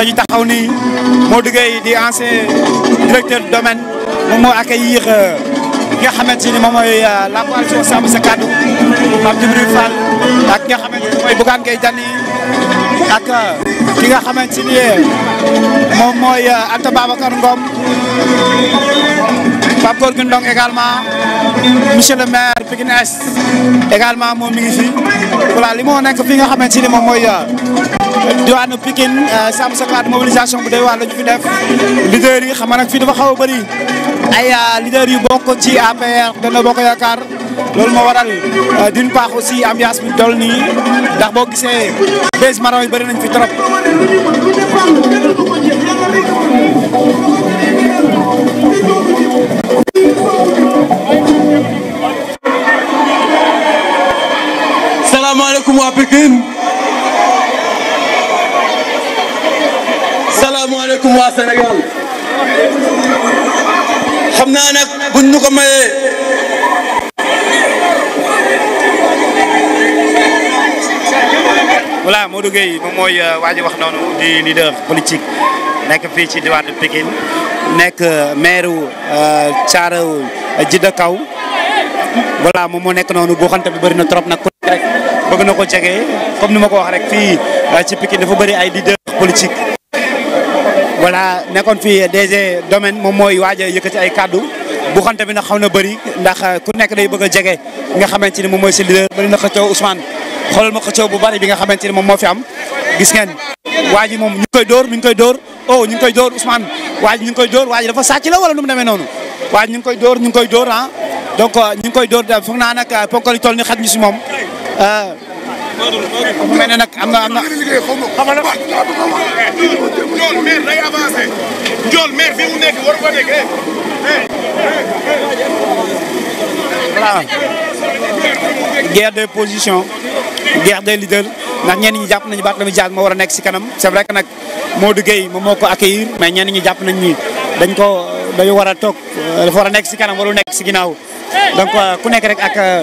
la ñu taxaw nii Modou Gueye di ancien directeur du domaine moom moo accueillir ki nga xamante ni moom mooy euh, la coalition Sàmm ak ki nga xamante ni mooy Bougane Gueye Dany ak euh, ki nga xamante ni moom mooy euh, Anta Babacar Ngom. Pape Gorgui Ndong également monsieur le maire Pikine moom mi ngi fi voilà li moo nekk fi nga xamante ni moom mooy euh, diwaanu Pikine Sàmm Sa Kàddu mobilisation bu doy waar la ñu fi def leader yi xam nga nag fii dafa xaw a bëri ay euh, leader yu bokk ci APR dana bokk yaakaar loolu moo waral euh, d'une part aussi ambiance bi dol nii ndax boo gisee bés maroon yi bëri nañ fi trop. Pikine salaamaaleykum waa Sénégal xam naa nag buñ ñu ko mayee voilà Modou Gueye moom mooy euh, waa ji wax noonu di leader politique nekk fii ci diwaanu Pikine nekk euh, maire Thiaroye euh, Jidda Kaw voilà moom moo nekk noonu boo xam ne bëri na trop nag bëgg na ko jege comme ni ma ko wax rek fii ci Pikine dafa bëri ay leader politique. voilà nekkoon fii DG domaine moom mooy waaj a yëkkati ay kàddu bu xante bi na xaw na bëri ndax euh, ku nekk day bëgg a jege nga xamante ni moom mooy si na xëccoo Ousmane xoolal ma bu bëri bi nga xamante ni moom moo fi am gis ngeen waa ji moom ñu ngi koy dóor mi ngi koy dóor oh ñu ngi koy dóor Ousmane waa ñu ngi koy dóor waa ji dafa sàcc la wala nu mu noonu waa ji ñu koy dóor ñu ngi koy dóor ah donc euh, ñu ngi koy dóor foog naa nag euh, ponkal yi toll ni xaj ñu si moom Ah. mel nag am na na. Njool maire day avancé Njool maire fi eh. guerre des positions guerre des leaders ndax ñenn ñi jàpp nañu Barthélémy Dias moo war a nekk si kanam c'est vrai que moo Modou Gueye moom moo ko accueillir mais ñenn ñi jàpp nañ ni dañ ko dañu war a toog dafa war a nekk si kanam waru nekk si ginnaaw donc euh, ku nekk rek ak. Euh,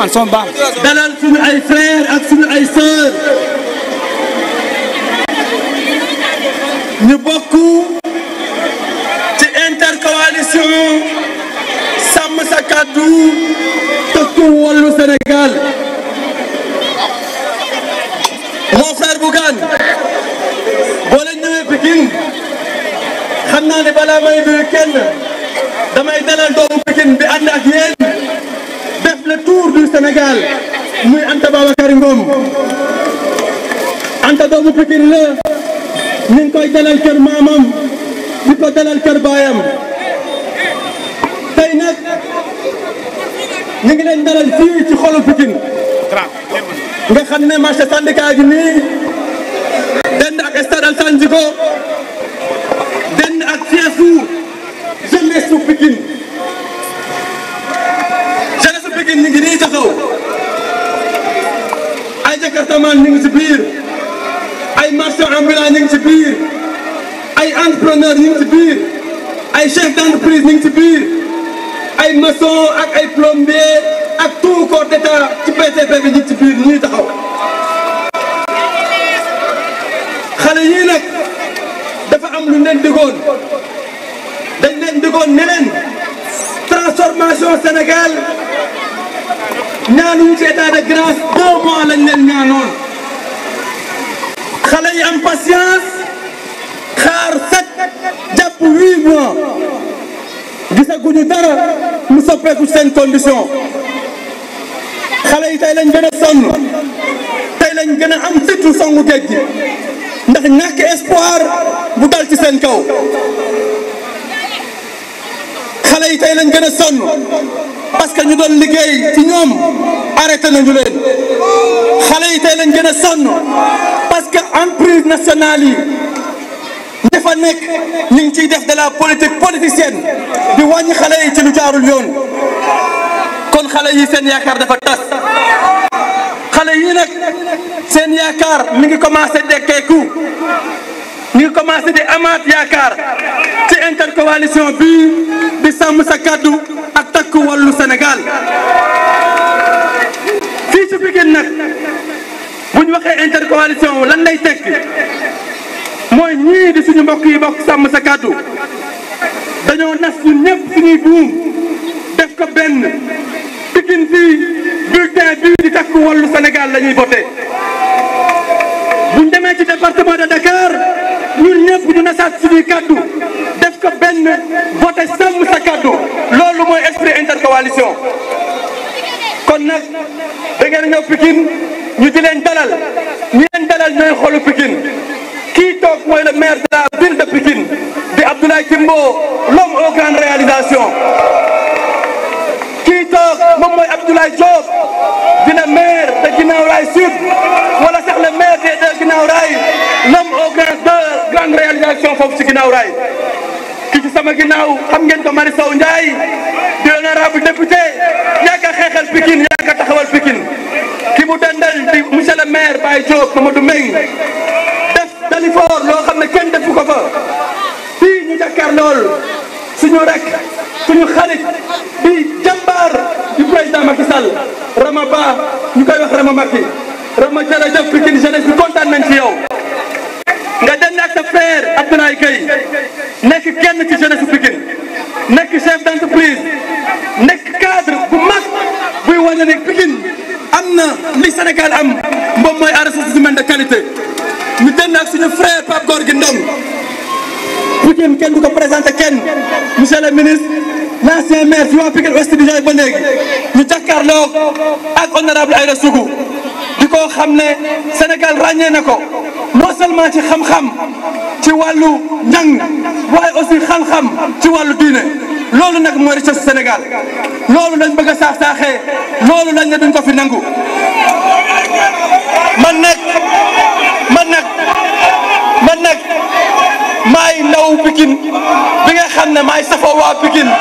Ousmane sama baax dalal suñu ay frères ak suñu ay sœurs ñu bokk ci intercoalition sàmm sa kàddu Takku Wallu Sénégal mon frère Bougane boo leen ñëwee Pikine xam may nuyu damay dalal doomu Pikine bi ànd ak Buur du Sénégal muy Anta Babacar Ngom Anta doomu Pikine la ñu ngi koy dalal kër maamam di ko dalal kër baayam tey nag ñu ngi leen dalal fii ci xolu Pikine nga xam ne marché syndicat gi nii dend ak stade Alassane Djigo taxaw ay jakartaman ñu ngi ci biir ay marchands ambulants ñu ci biir ay entrepreneurs ñu ci biir ay chefs d'entreprise ñu ngi ci biir ay maçon ak ay plombier ak tout corps d'état ci PCP bi ci biir ñu ngi taxaw xale yii nag dafa am lu leen digoon dañ leen digoon ne leen transformation Sénégal ñaanuñu wu état de grâce deux mois lañ leen ñaanoon xale yi am patience xaar sept jàpp huit mois gisaguñu dara mu soppeeku seen condition xale yi tey lañ gën a sonn tey lañ gën a am fitu songu géej gi ndax ñàkk espoir bu dal ci seen kaw xale yi tey lañ gën a sonn parce que ñu doon liggéey ci ñoom arrêté nañu leen xale yi tey lañ gën a sonn parce que entreprise nationale yi ñi fa nekk ñu ngi ciy def de la politique politicienne bi wàññi xale yi ci lu jaarul yoon kon xale yi seen yaakaar dafa tas xale yi nag seen yaakaar mi ngi commencé dekkeeku ñu ngi commencé amaat yaakaar ci intercoalition bi di sàmm sa kàddu takk wàllu Sénégal fii ci Pikine nag bu ñu waxee intercoalition lan lay tekk mooy ñii suñu mbokk yi bokk sàmm sa kàddu dañoo nas ñun ñëpp suñuy buum def ko benn Pikine fii bulletin bii di takk wàllu Sénégal la ñuy voté bu ñu demee ci département de Dakar ñun ñëpp ñu nasaat suñuy kàddu def ko benn voté Pikine ñu di leen dalal ñi leen dalal ñooy xolu Pikine kii toog mooy le maire de la ville de Pikine di Abdoulaye Timbo l'homme aux grandes réalisations kii toog moom mooy Abdoulaye Diop dina maire de Guinaw Rail Sud wala sax le maire de Guinaw Rail l'homme aux grandes grandes réalisations foofu ci Guinaw Rail ki ci sama ginnaaw xam ngeen ko Mari Sow Ndiaye di honorable député yaa ngi xeexal Pikine yaa ngi taxawal Pikine maire Baye Diop Mamadou Mbengue def Dalifort loo xam ne kenn defu ko fa fii ñu jàkkaar lool suñu rek suñu xarit di jàmbaar a président Macky Sall Rama Ba ñu koy wax Rama Macky Rama jërëjëf Pikine jeunesse bi kontaan nañ ci yow nga dem ak sa frère Abdoulaye Gueye nekk kenn ci jeunesse Pikine nekk nekk cadre bu mag buy wane ne Pikine am na li Sénégal am moom mooy ay ressources humaines de qualité ñu dem ak suñu frère Pape Gorgui Ndong Pikine kenn du ko présenté kenn monsieur le ministre l' ancien maire fi waa Pikine Ouest di jaay ba léegi ñu jàkkaarloo ak honorable Aïda Sougou di ko xam ne Sénégal ràññee na ko non seulement ci xam-xam ci wàllu njàng waaye aussi xam-xam ci wàllu diine loolu nag mooy richesse Sénégal loolu lañ bëgg a saax saaxee loolu lañ ne duñ ko fi nangu man nag man nag man nag maay ndaw Pikine bi nga xam ne maay safoo waa Pikine